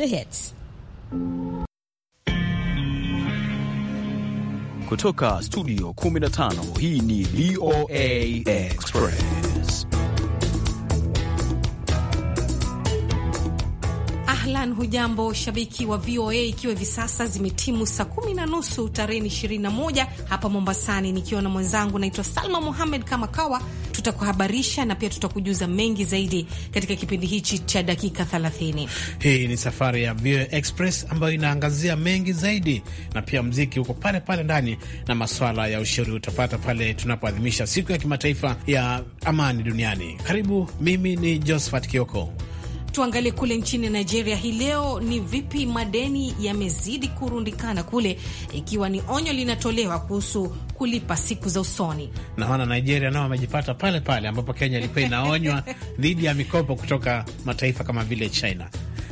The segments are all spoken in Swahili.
The hits. Kutoka studio 15 hii ni VOA Express. Ahlan, hujambo shabiki wa VOA, ikiwa hivi sasa zimetimu saa kumi na nusu tarehe 21 hapa Mombasani, nikiwa na mwenzangu naitwa Salma Muhamed kama kawa tutakuhabarisha na pia tutakujuza mengi zaidi katika kipindi hichi cha dakika 30. Hii ni safari ya VOA Express ambayo inaangazia mengi zaidi, na pia mziki huko pale pale ndani na maswala ya ushauri utapata pale tunapoadhimisha siku ya kimataifa ya amani duniani. Karibu, mimi ni Josephat Kioko. Tuangalie kule nchini Nigeria hii leo, ni vipi madeni yamezidi kurundikana kule, ikiwa ni onyo linatolewa kuhusu kulipa siku za usoni. Naona Nigeria nao wamejipata pale pale ambapo Kenya ilikuwa inaonywa dhidi ya mikopo kutoka mataifa kama vile China.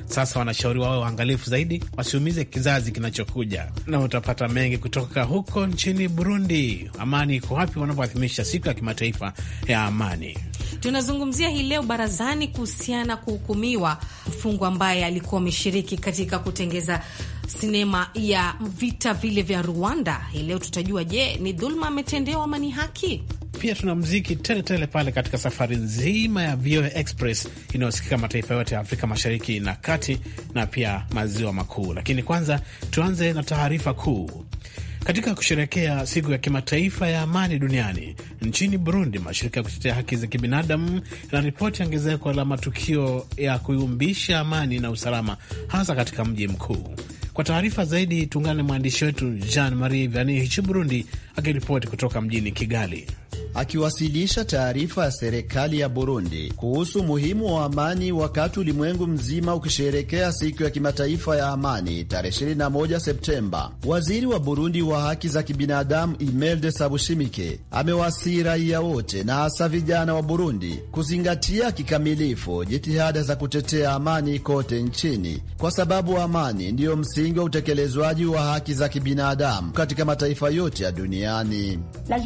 Sasa wanashauri wawe waangalifu zaidi, wasiumize kizazi kinachokuja, na utapata mengi kutoka huko. Nchini Burundi, amani iko wapi wanapoadhimisha siku ya kimataifa ya amani? Tunazungumzia hii leo barazani kuhusiana kuhukumiwa mfungwa ambaye alikuwa ameshiriki katika kutengeza sinema ya vita vile vya Rwanda. Hii leo tutajua, je, ni dhuluma ametendewa ama ni haki? Pia tuna mziki teletele tele pale katika safari nzima ya VOA Express inayosikika mataifa yote ya Afrika Mashariki na Kati na pia Maziwa Makuu. Lakini kwanza tuanze na taarifa kuu. Katika kusherekea siku ya kimataifa ya amani duniani nchini Burundi, mashirika ya kutetea haki za kibinadamu yanaripoti ongezeko la matukio ya kuyumbisha amani na usalama, hasa katika mji mkuu. Kwa taarifa zaidi, tuungane na mwandishi wetu Jean Marie Vianney Hichi Burundi akiripoti kutoka mjini Kigali akiwasilisha taarifa ya serikali ya Burundi kuhusu umuhimu wa amani wakati ulimwengu mzima ukisherekea siku ya kimataifa ya amani tarehe 21 Septemba. Waziri wa Burundi wa haki za kibinadamu de Sabushimike amewasii raia wote na hasa vijana wa Burundi kuzingatia kikamilifu jitihada za kutetea amani kote nchini, kwa sababu amani ndiyo msingi wa utekelezwaji wa haki za kibinadamu katika mataifa yote ya duniani. La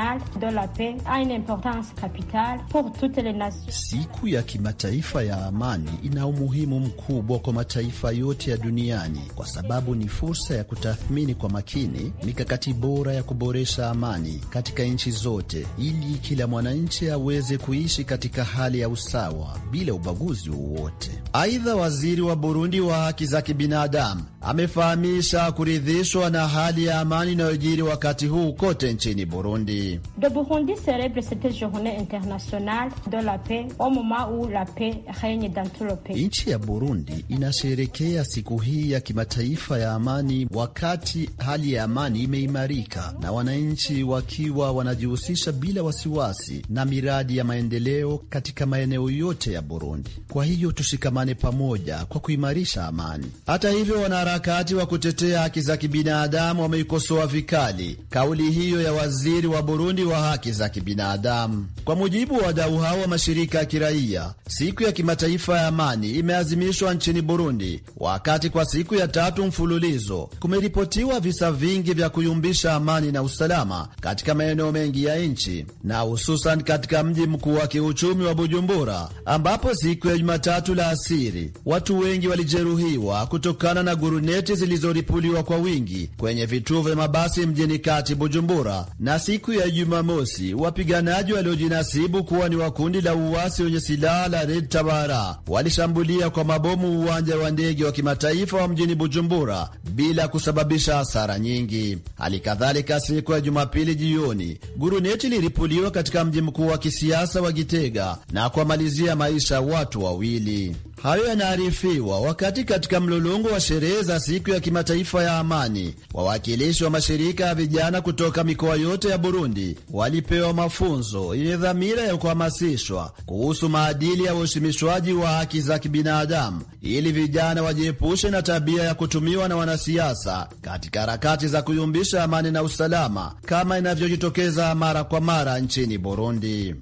internationale de la paix a une importance capitale pour toutes les nations. Siku ya kimataifa ya amani ina umuhimu mkubwa kwa mataifa yote ya duniani kwa sababu ni fursa ya kutathmini kwa makini mikakati bora ya kuboresha amani katika nchi zote ili kila mwananchi aweze kuishi katika hali ya usawa bila ubaguzi wowote. Aidha, waziri wa Burundi wa haki za kibinadamu amefahamisha kuridhishwa na hali ya amani inayojiri wakati huu kote nchini Burundi. Burundi. Le Burundi célèbre cette journée internationale de la paix au moment où la paix règne dans tout le pays. Nchi ya Burundi inasherekea siku hii ya kimataifa ya amani wakati hali ya amani imeimarika na wananchi wakiwa wanajihusisha bila wasiwasi na miradi ya maendeleo katika maeneo yote ya Burundi. Kwa hiyo tushikamane pamoja kwa kuimarisha amani. Hata hivyo, wanaharakati wa kutetea haki za kibinadamu wameikosoa vikali kauli hiyo ya waziri wa Burundi Burundi wa haki za kibinadamu. Kwa mujibu wa wadau hao wa mashirika ya kiraia, siku ya kimataifa ya amani imeazimishwa nchini Burundi, wakati kwa siku ya tatu mfululizo kumeripotiwa visa vingi vya kuyumbisha amani na usalama katika maeneo mengi ya nchi na hususan katika mji mkuu wa kiuchumi wa Bujumbura, ambapo siku ya Jumatatu la asiri watu wengi walijeruhiwa kutokana na guruneti zilizoripuliwa kwa wingi kwenye vituo vya mabasi mjini kati Bujumbura, na siku ya Jumamosi, wapiganaji waliojinasibu kuwa ni wakundi la uasi wenye silaha la Red Tabara walishambulia kwa mabomu uwanja wa ndege wa kimataifa wa mjini Bujumbura bila kusababisha hasara nyingi. Hali kadhalika, siku ya Jumapili jioni guruneti lilipuliwa katika mji mkuu wa kisiasa wa Gitega na kuwamalizia maisha watu wawili. Hayo yanaarifiwa wakati katika mlolongo wa sherehe za siku ya kimataifa ya amani, wawakilishi wa mashirika ya vijana kutoka mikoa yote ya Burundi walipewa mafunzo yenye dhamira ya kuhamasishwa kuhusu maadili ya uheshimishwaji wa haki za kibinadamu, ili vijana wajiepushe na tabia ya kutumiwa na wanasiasa katika harakati za kuyumbisha amani na usalama kama inavyojitokeza mara kwa mara nchini Burundi.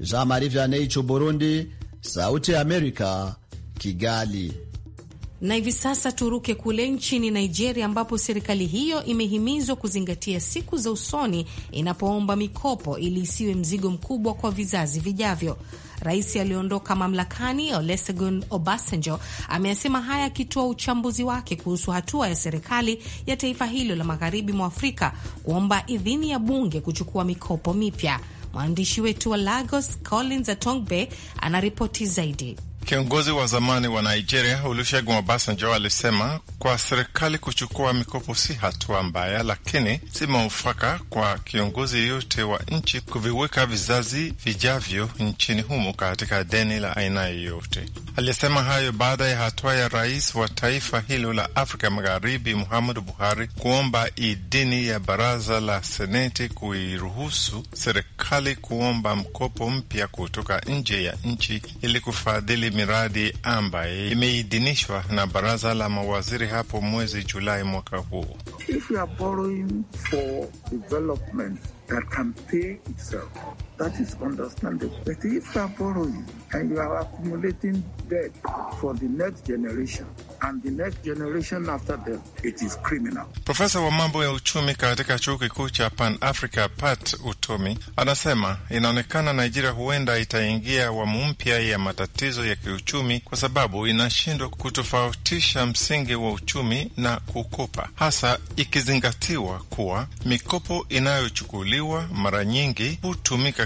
Jean Marie Vianney, Burundi, Sauti ya Amerika. Kigali. Na hivi sasa turuke kule nchini Nigeria, ambapo serikali hiyo imehimizwa kuzingatia siku za usoni inapoomba mikopo ili isiwe mzigo mkubwa kwa vizazi vijavyo. Rais aliyeondoka mamlakani Olusegun Obasanjo ameyasema haya akitoa uchambuzi wake kuhusu hatua ya serikali ya taifa hilo la magharibi mwa Afrika kuomba idhini ya bunge kuchukua mikopo mipya. Mwandishi wetu wa Lagos Collins Atongbe anaripoti zaidi. Kiongozi wa zamani wa Nigeria Olusegun Obasanjo alisema kwa serikali kuchukua mikopo si hatua mbaya, lakini si mwafaka kwa kiongozi yote wa nchi kuviweka vizazi vijavyo nchini humo katika deni la aina yeyote Alisema hayo baada ya hatua ya rais wa taifa hilo la Afrika Magharibi Muhammadu Buhari kuomba idhini ya baraza la Seneti kuiruhusu serikali kuomba mkopo mpya kutoka nje ya nchi ili kufadhili miradi ambaye imeidhinishwa na baraza la mawaziri hapo mwezi Julai mwaka huu. If you are borrowing for development that can pay itself That is understandable. But if you are borrowing and you are accumulating debt for the next generation and the next generation after them, it is criminal. Professor wa mambo ya uchumi katika chuo kikuu cha Pan Africa Pat Utomi anasema inaonekana Nigeria huenda itaingia awamu mpya ya matatizo ya kiuchumi kwa sababu inashindwa kutofautisha msingi wa uchumi na kukopa, hasa ikizingatiwa kuwa mikopo inayochukuliwa mara nyingi hutumika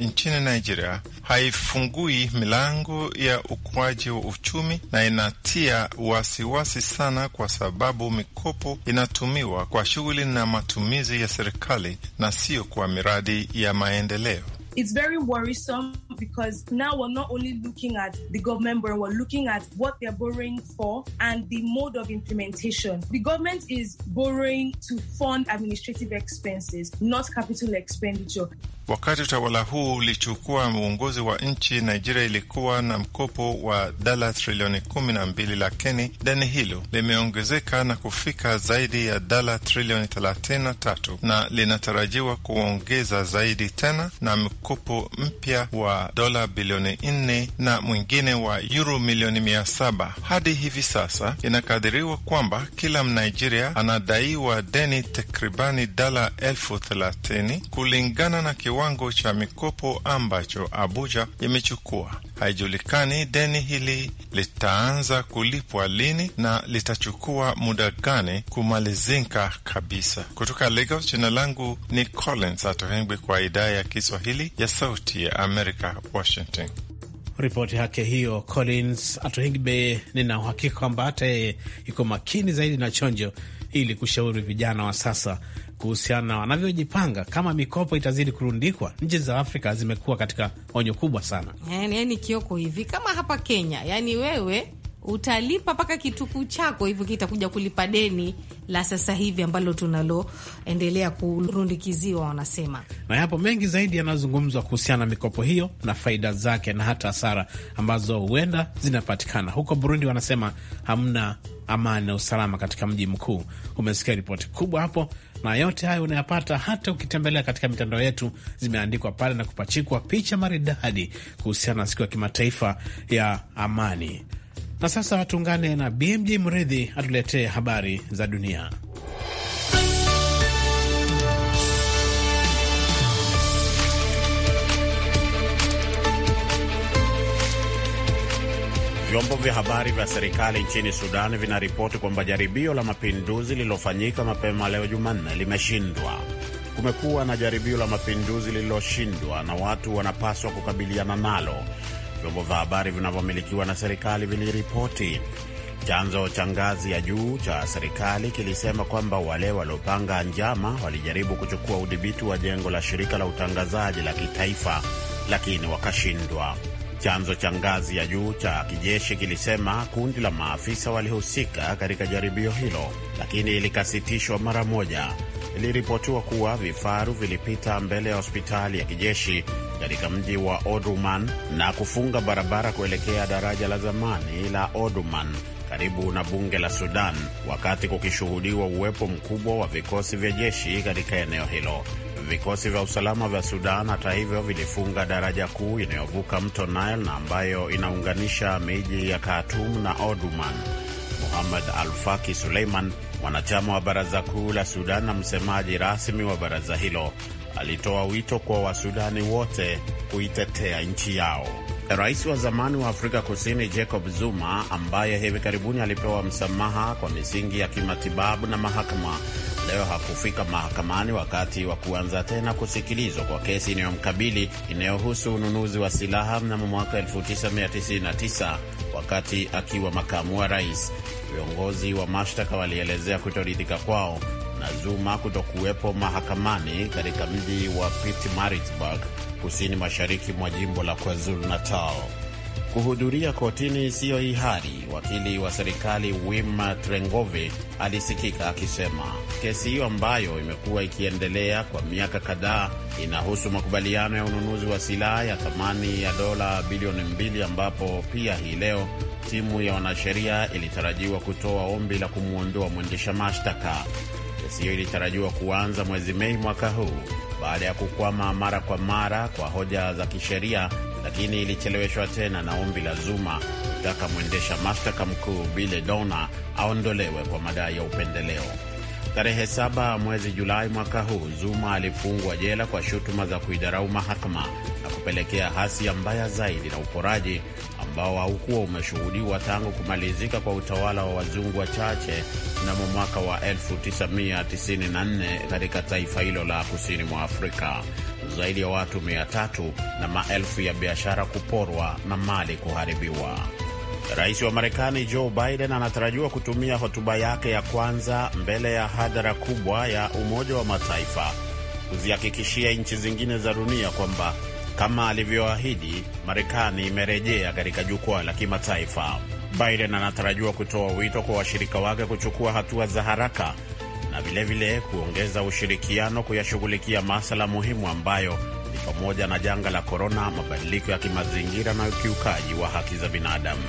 nchini Nigeria haifungui milango ya ukuaji wa uchumi na inatia wasiwasi wasi sana, kwa sababu mikopo inatumiwa kwa shughuli na matumizi ya serikali na sio kwa miradi ya maendeleo. It's very worrisome because now we're not only looking at the government, but we're looking at what they're borrowing for and the mode of implementation. The government is borrowing to fund administrative expenses, not capital expenditure. Wakati utawala huu ulichukua uongozi wa nchi, Nigeria ilikuwa na mkopo wa dola trilioni kumi na mbili, lakini deni hilo limeongezeka na kufika zaidi ya dola trilioni thelathini na tatu na linatarajiwa kuongeza zaidi tena na mkopo mpya wa dola bilioni nne na mwingine wa yuro milioni mia saba. Hadi hivi sasa inakadiriwa kwamba kila Mnigeria anadaiwa deni takribani dola elfu thelathini kulingana na kiwa kiwango cha mikopo ambacho Abuja imechukua. Haijulikani deni hili litaanza kulipwa lini na litachukua muda gani kumalizika kabisa. Kutoka Lagos, jina langu ni Collins Atohengwi kwa idhaa ya Kiswahili ya Sauti ya Amerika, Washington. Ripoti yake hiyo Collins Atohingbe, nina uhakika kwamba hata yeye iko makini zaidi na chonjo ili kushauri vijana wa sasa kuhusiana na wanavyojipanga kama mikopo itazidi kurundikwa. Nchi za Afrika zimekuwa katika onyo kubwa sana, yani, yani Kioko, hivi kama hapa Kenya, yani wewe utalipa mpaka kitukuu chako hivyo kitakuja kulipa deni la sasa hivi ambalo tunaloendelea kurundikiziwa, wanasema. Na yapo mengi zaidi yanayozungumzwa kuhusiana na mikopo hiyo na faida zake na hata hasara ambazo huenda zinapatikana. Huko Burundi wanasema hamna amani na usalama katika mji mkuu. Umesikia ripoti kubwa hapo na yote hayo unayapata hata ukitembelea katika mitandao yetu, zimeandikwa pale na kupachikwa picha maridadi kuhusiana na siku ya kimataifa ya amani. Na sasa tuungane na BMJ Mridhi atuletee habari za dunia. Vyombo vya habari vya serikali nchini Sudan vinaripoti kwamba jaribio la mapinduzi lililofanyika mapema leo Jumanne limeshindwa. Kumekuwa na jaribio la mapinduzi lililoshindwa na watu wanapaswa kukabiliana nalo, vyombo vya habari vinavyomilikiwa na serikali viliripoti. Chanzo cha ngazi ya juu cha serikali kilisema kwamba wale waliopanga njama walijaribu kuchukua udhibiti wa jengo la shirika la utangazaji la kitaifa, lakini wakashindwa. Chanzo cha ngazi ya juu cha kijeshi kilisema kundi la maafisa walihusika katika jaribio hilo, lakini likasitishwa mara moja. Iliripotiwa kuwa vifaru vilipita mbele ya hospitali ya kijeshi katika mji wa oduman na kufunga barabara kuelekea daraja la zamani la oduman karibu na bunge la Sudan, wakati kukishuhudiwa uwepo mkubwa wa vikosi vya jeshi katika eneo hilo. Vikosi vya usalama vya Sudan hata hivyo vilifunga daraja kuu inayovuka mto Nile na ambayo inaunganisha miji ya Khartoum na oduman Muhammad Al-Faki Suleiman, mwanachama wa baraza kuu la Sudan na msemaji rasmi wa baraza hilo, alitoa wito kwa Wasudani wote kuitetea nchi yao. Rais wa zamani wa Afrika Kusini Jacob Zuma, ambaye hivi karibuni alipewa msamaha kwa misingi ya kimatibabu na mahakama leo hakufika mahakamani wakati wa kuanza tena kusikilizwa kwa kesi inayomkabili inayohusu ununuzi wa silaha mnamo mwaka 1999 wakati akiwa makamu wa rais. Viongozi wa mashtaka walielezea kutoridhika kwao na Zuma kutokuwepo mahakamani katika mji wa Pietermaritzburg kusini mashariki mwa jimbo la KwaZulu Natal kuhudhuria kotini isiyo ihari Wakili wa serikali Wima Trengove alisikika akisema kesi hiyo ambayo imekuwa ikiendelea kwa miaka kadhaa inahusu makubaliano ya ununuzi wa silaha ya thamani ya dola bilioni mbili, ambapo pia hii leo timu ya wanasheria ilitarajiwa kutoa ombi la kumwondoa mwendesha mashtaka. Kesi hiyo ilitarajiwa kuanza mwezi Mei mwaka huu baada ya kukwama mara kwa mara kwa hoja za kisheria lakini ilicheleweshwa tena na ombi la Zuma kutaka mwendesha mashtaka mkuu Bile Dona aondolewe kwa madai ya upendeleo. Tarehe saba mwezi Julai mwaka huu Zuma alifungwa jela kwa shutuma za kuidharau mahakama na kupelekea hasia mbaya zaidi na uporaji ambao haukuwa umeshuhudiwa tangu kumalizika kwa utawala wa wazungu wachache mnamo mwaka wa 1994 katika taifa hilo la kusini mwa Afrika zaidi ya watu mia tatu na maelfu ya biashara kuporwa na mali kuharibiwa. Rais wa Marekani Joe Biden anatarajiwa kutumia hotuba yake ya kwanza mbele ya hadhara kubwa ya Umoja wa Mataifa kuzihakikishia nchi zingine za dunia kwamba kama alivyoahidi, Marekani imerejea katika jukwaa la kimataifa. Biden anatarajiwa kutoa wito kwa washirika wake kuchukua hatua za haraka na vilevile kuongeza ushirikiano kuyashughulikia masala muhimu ambayo ni pamoja na janga la korona, mabadiliko ya kimazingira na ukiukaji wa haki za binadamu.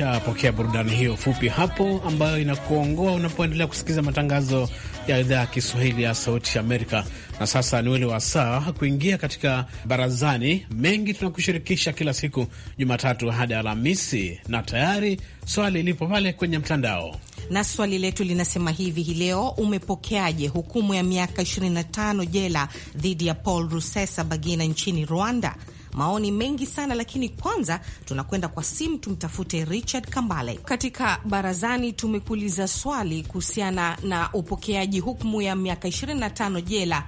Umeshapokea burudani hiyo fupi hapo, ambayo inakuongoa unapoendelea kusikiliza matangazo ya idhaa ya Kiswahili ya Sauti Amerika. Na sasa ni ule wa saa kuingia katika barazani. Mengi tunakushirikisha kila siku Jumatatu hadi Alhamisi, na tayari swali lipo pale kwenye mtandao, na swali letu linasema hivi hii leo, umepokeaje hukumu ya miaka 25 jela dhidi ya Paul Rusesa Bagina nchini Rwanda? maoni mengi sana, lakini kwanza tunakwenda kwa simu, tumtafute Richard Kambale. Katika barazani tumekuuliza swali kuhusiana na upokeaji hukumu ya miaka 25 jela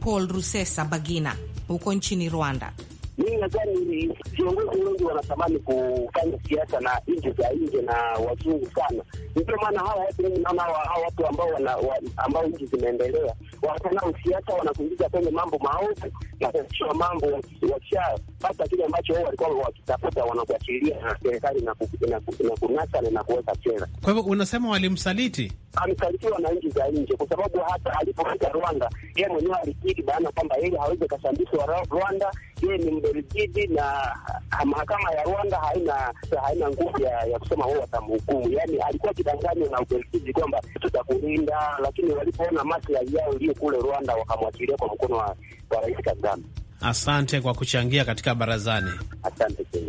Paul Rusesa Bagina huko nchini Rwanda mimi nadhani viongozi wengi wanatamani kufanya siasa na nchi za nje na wazungu sana. Ndio maana hawa watu mimi naona hawa watu ambao wana, wa, ambao nchi zimeendelea wanatanao siasa wanakuingiza kwenye mambo maovu na kuachia mambo, wakishapata kile ambacho wao walikuwa wakitafuta wanakuachilia na serikali na kunasa na kuweka sera. Kwa hivyo unasema walimsaliti, amesalitiwa na nchi za nje, kwa sababu hata alipofika Rwanda yeye mwenyewe alikiri baana kwamba yeye hawezi kasambishwa Rwanda yeye ni Mbelgiji na mahakama ya Rwanda haina haina nguvu ya, ya kusema huo watamhukumu. Yaani alikuwa kidanganywa na Ubelgiji kwamba tutakulinda, lakini walipoona maslahi yao iliyo kule Rwanda wakamwachilia kwa mkono wa, wa Rais Kagame. Asante kwa kuchangia katika barazani. Asante sana.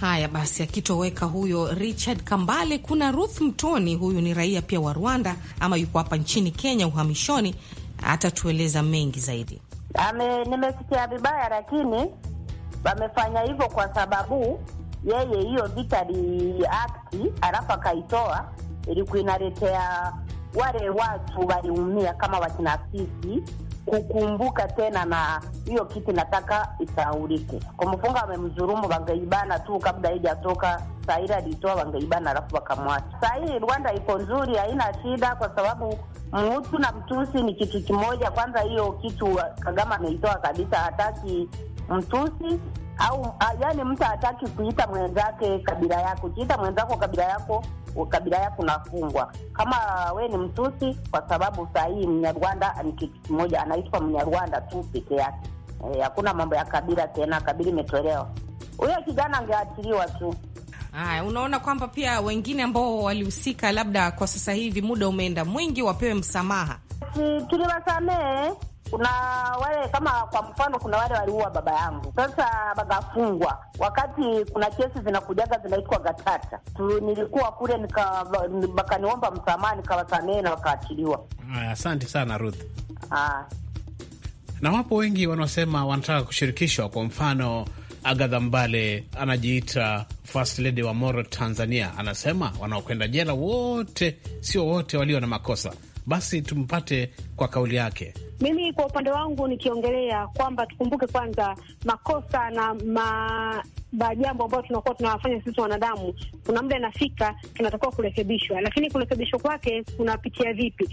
Haya basi, akitoweka huyo Richard Kambale, kuna Ruth Mtoni. Huyu ni raia pia wa Rwanda ama yuko hapa nchini Kenya uhamishoni, atatueleza mengi zaidi ame, nimesikia vibaya, lakini wamefanya hivyo kwa sababu yeye hiyo vita liakti, alafu akaitoa, ilikuwa inaletea wale watu waliumia kama wakina sisi kukumbuka tena, na hiyo kitu nataka isaurike Kumfunga amemdhulumu, wangeibana tu kabla ijatoka Saira alitoa, wangeibana alafu wakamwacha. Saa hii Rwanda iko nzuri, haina shida, kwa sababu Mhutu na Mtusi ni kitu kimoja. Kwanza hiyo kitu kagama ameitoa kabisa, hataki Mtusi au ah, yani mtu hataki kuita mwenzake kabila yako. Ukiita mwenzako kabila yako, kabila yako unafungwa. Kama we ni Mtusi, kwa sababu sahii Mnyarwanda ni kitu kimoja, anaitwa Mnyarwanda tu peke yake. Eh, hakuna mambo ya kabila tena, kabila imetolewa. Huyo kijana angeachiliwa tu. Aya, unaona kwamba pia wengine ambao walihusika, labda kwa sasa hivi muda umeenda mwingi, wapewe msamaha. Tuliwasamehe kuna wale kama kwa mfano, kuna wale waliua baba yangu, sasa bagafungwa Wakati kuna kesi zinakujaga zinaitwa gatata tu, nilikuwa kule bakaniomba msamaha, nikawasamehe na wakaachiliwa. Asante sana Ruth. Ah. Na wapo wengi wanaosema wanataka kushirikishwa. Kwa mfano, Agatha Mbale anajiita First Lady wa Moro Tanzania, anasema wanaokwenda jela wote sio wote walio na makosa basi tumpate kwa kauli yake. Mimi kwa upande wangu nikiongelea kwamba tukumbuke kwanza makosa na ma majambo ambayo tunakuwa tunawafanya sisi wanadamu, kuna muda inafika tunatakiwa kurekebishwa, lakini kurekebishwa kwake kunapitia vipi?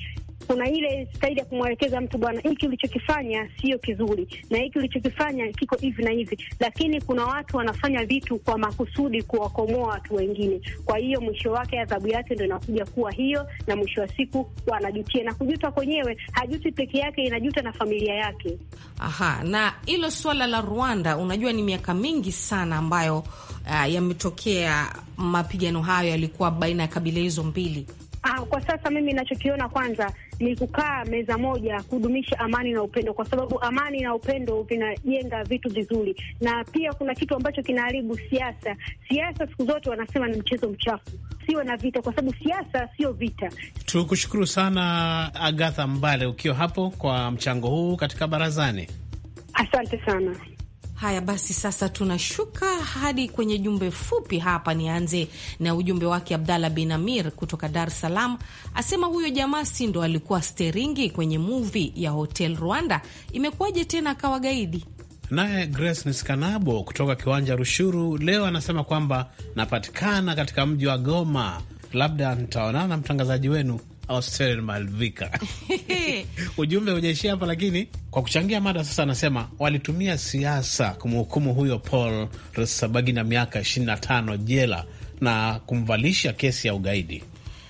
kuna ile staili ya kumwelekeza mtu, bwana, hiki ulichokifanya sio kizuri na hiki ulichokifanya kiko hivi na hivi, lakini kuna watu wanafanya vitu kwa makusudi kuwakomoa watu wengine. Kwa hiyo mwisho wake, adhabu yake ndo inakuja kuwa hiyo, na mwisho wa siku wanajutia na kujuta kwenyewe. Hajuti peke yake, inajuta na familia yake. Aha, na hilo swala la Rwanda, unajua ni miaka mingi sana ambayo uh, yametokea mapigano hayo, yalikuwa baina ya kabila hizo mbili. Ah, kwa sasa mimi ninachokiona kwanza ni kukaa meza moja kudumisha amani na upendo, kwa sababu amani na upendo vinajenga vitu vizuri. Na pia kuna kitu ambacho kinaharibu siasa. Siasa siku zote wanasema ni mchezo mchafu, siwe na vita, kwa sababu siasa sio vita. Tukushukuru sana Agatha Mbale ukiwa hapo kwa mchango huu katika barazani, asante sana. Haya basi, sasa tunashuka hadi kwenye jumbe fupi hapa. Nianze na ujumbe wake Abdallah bin Amir kutoka Dar es Salaam, asema huyo jamaa si ndo alikuwa steringi kwenye muvi ya Hotel Rwanda? Imekuwaje tena akawa gaidi? Naye Grace Niskanabo kutoka kiwanja Rushuru leo anasema kwamba napatikana katika mji wa Goma, labda nitaonana na mtangazaji wenu Austin Malvika ujumbe hujaishia hapa, lakini kwa kuchangia mada sasa, anasema walitumia siasa kumhukumu huyo Paul Rusabagi na miaka 25 jela na kumvalisha kesi ya ugaidi.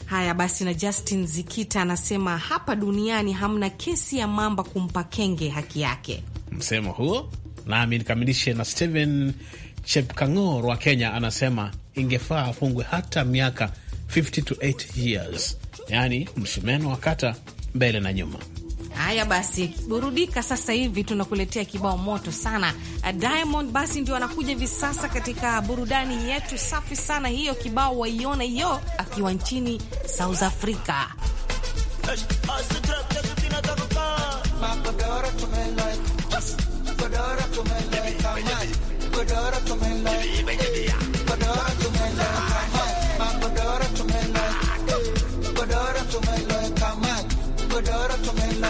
Haya basi, na Justin Zikita anasema hapa duniani hamna kesi ya mamba kumpa kenge haki yake. Msemo huo nami nikamilishe na Steven Chepkangor wa Kenya anasema ingefaa afungwe hata miaka 50 to 8 years yaani msumeno wa kata mbele na nyuma. Haya basi, burudika sasa hivi, tunakuletea kibao moto sana Diamond. Basi ndio anakuja hivi sasa katika burudani yetu safi sana hiyo, kibao waiona hiyo, akiwa nchini South Africa tumelo kamati godoro tumelo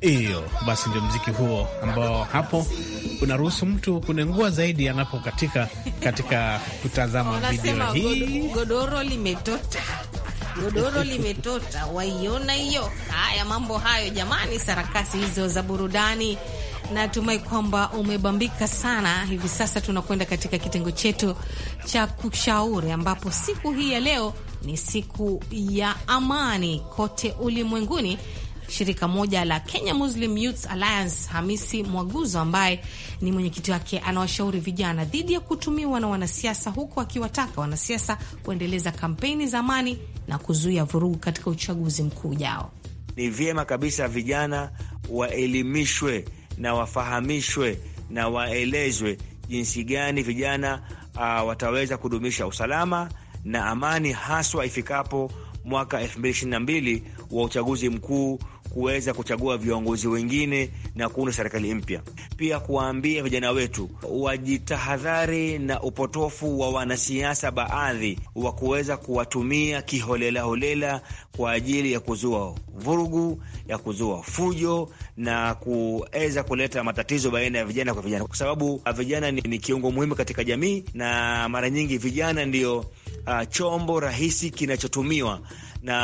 Hiyo basi ndio mziki huo ambao hapo unaruhusu mtu kunengua zaidi anapokatika katika kutazama video hii. Godoro limetota godoro limetota, waiona hiyo? Haya, mambo hayo jamani, sarakasi hizo za burudani. Natumai kwamba umebambika sana. Hivi sasa tunakwenda katika kitengo chetu cha kushauri, ambapo siku hii ya leo ni siku ya amani kote ulimwenguni shirika moja la Kenya Muslim Youth Alliance, Hamisi Mwaguzo ambaye ni mwenyekiti wake, anawashauri vijana dhidi ya kutumiwa na wanasiasa, huku akiwataka wanasiasa kuendeleza kampeni za amani na kuzuia vurugu katika uchaguzi mkuu ujao. Ni vyema kabisa vijana waelimishwe na wafahamishwe na waelezwe jinsi gani vijana uh, wataweza kudumisha usalama na amani haswa ifikapo mwaka 2022 wa uchaguzi mkuu kuweza kuchagua viongozi wengine na kuunda serikali mpya. Pia kuwaambia vijana wetu wajitahadhari na upotofu wa wanasiasa baadhi wa kuweza kuwatumia kiholelaholela kwa ajili ya kuzua vurugu, ya kuzua fujo na kuweza kuleta matatizo baina ya vijana kwa vijana, kwa sababu ah, vijana ni, ni kiungo muhimu katika jamii na mara nyingi vijana ndio uh, chombo rahisi kinachotumiwa na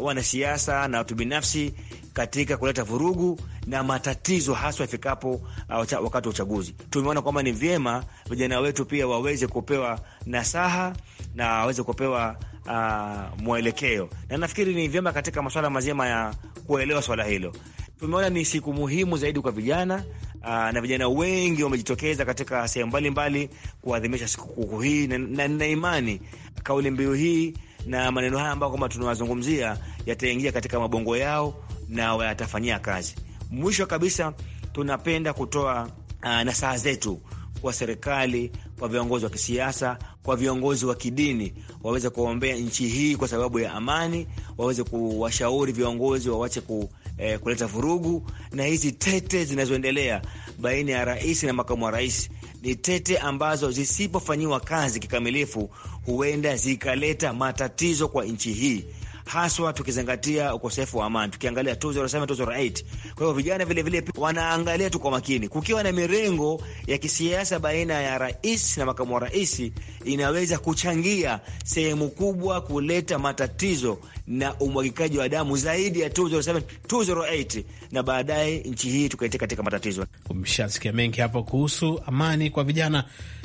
wanasiasa na watu binafsi katika kuleta vurugu na matatizo haswa ifikapo uh, wakati wa uchaguzi. Tumeona kwamba ni vyema vijana wetu pia waweze kupewa nasaha na waweze kupewa uh, mwelekeo, na nafikiri ni vyema katika masuala mazima ya kuelewa swala hilo. Tumeona ni siku muhimu zaidi kwa vijana uh, na vijana wengi wamejitokeza katika sehemu mbalimbali kuadhimisha sikukuu hii, na nina imani kauli mbiu hii na maneno haya ambayo kwamba tunawazungumzia yataingia katika mabongo yao na watafanyia kazi. Mwisho kabisa, tunapenda kutoa uh, nasaha zetu kwa serikali, kwa viongozi wa kisiasa, kwa viongozi wa kidini, waweze kuombea nchi hii kwa sababu ya amani, waweze kuwashauri viongozi wawache ku, eh, kuleta vurugu. Na hizi tete zinazoendelea baina ya rais na makamu wa rais ni tete ambazo zisipofanyiwa kazi kikamilifu, huenda zikaleta matatizo kwa nchi hii haswa tukizingatia ukosefu wa amani, tukiangalia 2007 2008. Kwa hiyo vijana vilevile vile wanaangalia tu kwa makini, kukiwa na mirengo ya kisiasa baina ya rais na makamu wa rais, inaweza kuchangia sehemu kubwa kuleta matatizo na umwagikaji wa damu zaidi ya 2007 2008, na baadaye nchi hii tukaitia katika matatizo. Umeshasikia mengi hapo kuhusu amani kwa vijana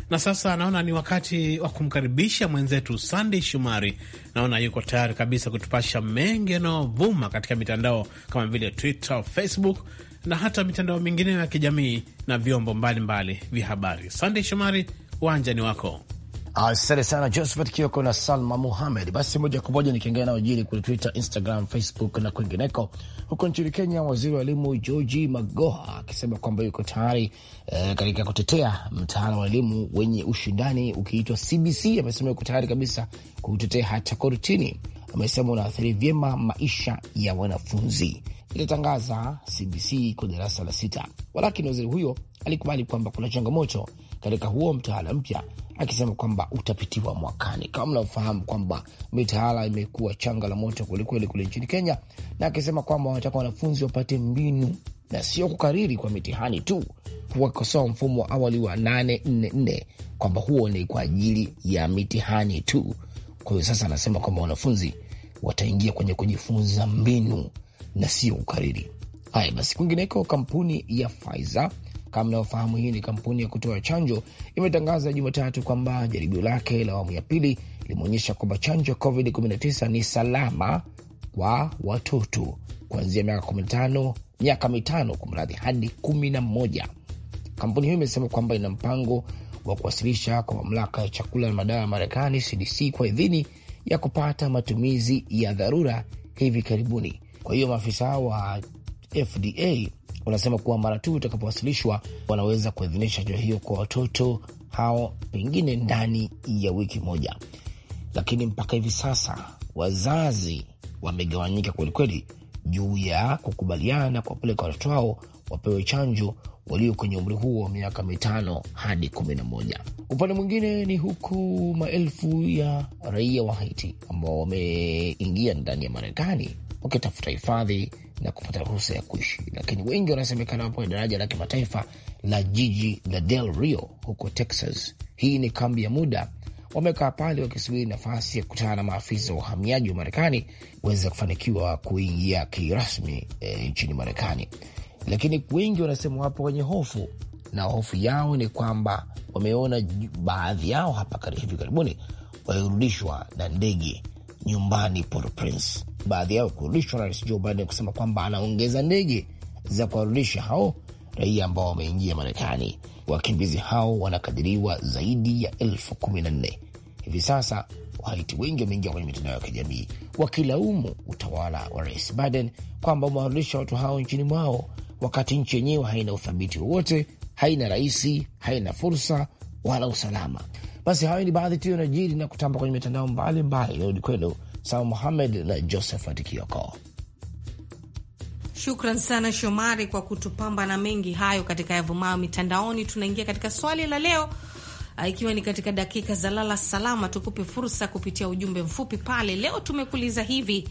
na sasa naona ni wakati wa kumkaribisha mwenzetu Sandey Shumari. Naona yuko tayari kabisa kutupasha mengi yanayovuma katika mitandao kama vile Twitter, Facebook na hata mitandao mingine ya kijamii na vyombo mbalimbali vya habari. Sandey Shumari, uwanja ni wako. Asante sana Josephat Kioko na Salma Muhamed. Basi moja kwa moja nikiengea nayojiri kwenye Twitter, Instagram, Facebook na kwingineko. Huko nchini Kenya, waziri wa elimu Georgi Magoha akisema kwamba yuko tayari e, katika kutetea mtaala wa elimu wenye ushindani ukiitwa CBC. Amesema yuko tayari kabisa kuutetea hata kortini. Amesema unaathiri vyema maisha ya wanafunzi ilitangaza CBC kwa darasa la sita, walakini waziri huyo alikubali kwamba kuna changamoto katika huo mtaala mpya, akisema kwamba utapitiwa mwakani. Kama mnavyofahamu kwamba mitaala imekuwa changa la moto kwelikweli kule nchini Kenya, na akisema kwamba wanataka wanafunzi wapate mbinu na sio kukariri kwa mitihani tu, wakikosoa mfumo wa awali wa 844 kwamba huo ni kwa ajili ya mitihani tu. Kwa hiyo sasa anasema kwamba wanafunzi wataingia kwenye kujifunza mbinu na sio ukariri. Haya basi, kwingineko, kampuni ya Pfizer kama mnavyofahamu, hii ni kampuni ya kutoa chanjo, imetangaza Jumatatu kwamba jaribio lake la awamu ya pili limeonyesha kwamba chanjo ya COVID-19 ni salama kwa watoto kuanzia miaka 15 miaka mitano kwa mradhi hadi kumi na moja. Kampuni hiyo imesema kwamba ina mpango wa kuwasilisha kwa mamlaka ya chakula na madawa ya Marekani, CDC, kwa idhini ya kupata matumizi ya dharura hivi karibuni, kwa hiyo maafisa wa FDA wanasema kuwa mara tu itakapowasilishwa wanaweza kuidhinisha chanjo hiyo kwa watoto hao, pengine ndani ya wiki moja. Lakini mpaka hivi sasa wazazi wamegawanyika kwelikweli juu ya kukubaliana kuwapeleka watoto hao wapewe chanjo walio kwenye umri huo wa miaka mitano hadi kumi na moja. Upande mwingine ni huku maelfu ya raia wa Haiti ambao wameingia ndani ya Marekani wakitafuta hifadhi na kupata ruhusa ya kuishi, lakini wengi wanasemekana wapo kwenye daraja la kimataifa la jiji la Del Rio huko Texas. Hii ni kambi ya muda, wamekaa pale wakisubiri nafasi ya kukutana na maafisa wa uhamiaji wa Marekani waweze kufanikiwa kuingia kirasmi e, nchini Marekani. Lakini wengi wanasema wapo kwenye hofu, na hofu yao ni kwamba wameona baadhi yao hapa hivi karibuni walirudishwa na ndege nyumbani Port-au-Prince. Baadhi yao kurudishwa na Rais Joe Biden kusema kwamba anaongeza ndege za kuwarudisha hao raia ambao wameingia Marekani. Wakimbizi hao wanakadiriwa zaidi ya elfu kumi na nne hivi sasa. Wahaiti wengi wameingia kwenye mitandao ya kijamii wakilaumu utawala wa Rais Biden kwamba umewarudisha watu hao nchini mwao, wakati nchi yenyewe haina uthabiti wowote, haina raisi, haina fursa wala usalama. Basi hayo ni baadhi tu yanajiri na kutamba kwenye mitandao mbalimbali. Narudi kwenu Sama Muhamed na Josephat Kioko. Shukran sana Shomari kwa kutupamba na mengi hayo katika yavumayo mitandaoni. Tunaingia katika swali la leo, ah, ikiwa ni katika dakika za lala salama, tukupe fursa kupitia ujumbe mfupi pale. Leo tumekuuliza hivi,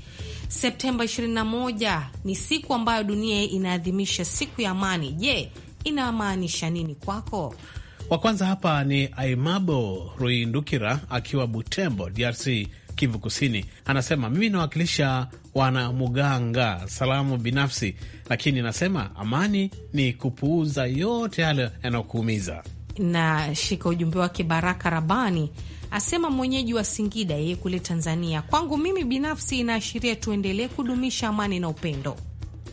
Septemba 21 ni siku ambayo dunia inaadhimisha siku ya amani. Je, inamaanisha nini kwako? Wa kwanza hapa ni Aimabo Ruindukira akiwa Butembo, DRC, Kivu Kusini. Anasema mimi nawakilisha wanamuganga, salamu binafsi, lakini nasema amani ni kupuuza yote yale yanayokuumiza. Na shika ujumbe wake Baraka Rabani asema mwenyeji wa Singida, yeye kule Tanzania. Kwangu mimi binafsi, inaashiria tuendelee kudumisha amani na upendo.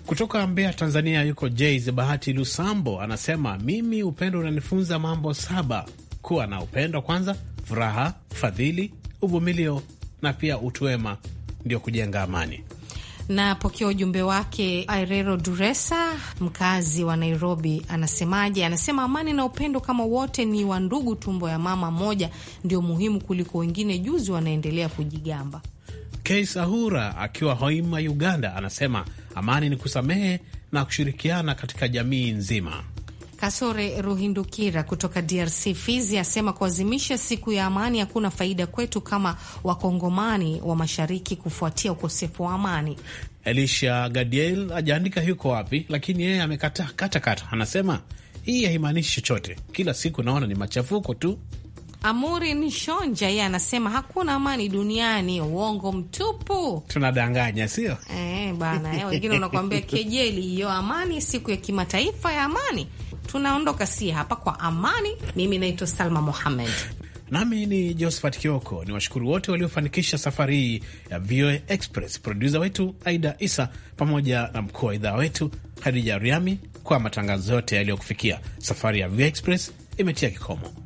Kutoka Mbeya, Tanzania, yuko Jaz Bahati Lusambo, anasema mimi upendo unanifunza mambo saba: kuwa na upendo kwanza, furaha, fadhili, uvumilio na pia utuwema ndio kujenga amani. Napokea ujumbe wake Airero Duresa, mkazi wa Nairobi. Anasemaje? Anasema amani na upendo kama wote ni wa ndugu, tumbo ya mama moja, ndio muhimu kuliko wengine, juzi wanaendelea kujigamba. Keisahura akiwa Hoima, Uganda, anasema amani ni kusamehe na kushirikiana katika jamii nzima. Kasore Ruhindukira kutoka DRC Fizi asema kuazimisha siku ya amani hakuna faida kwetu kama wakongomani wa mashariki kufuatia ukosefu wa amani. Elisha Gadiel ajaandika yuko wapi, lakini yeye amekataa katakata, anasema hii haimaanishi chochote. Kila siku naona ni machafuko tu. Amuri Nshonja yeye anasema hakuna amani duniani, uongo mtupu, tunadanganya sio? Eh, bana eh, wengine unakuambia kejeli hiyo. Amani, siku ya kimataifa ya amani, tunaondoka si hapa kwa amani. Mimi naitwa Salma Mohamed nami ni Josephat Kioko. Ni washukuru wote waliofanikisha safari hii ya VOA Express, produsa wetu Aida Isa pamoja na mkuu wa idhaa wetu Hadija Riami kwa matangazo yote yaliyokufikia. Safari ya VOA Express imetia kikomo.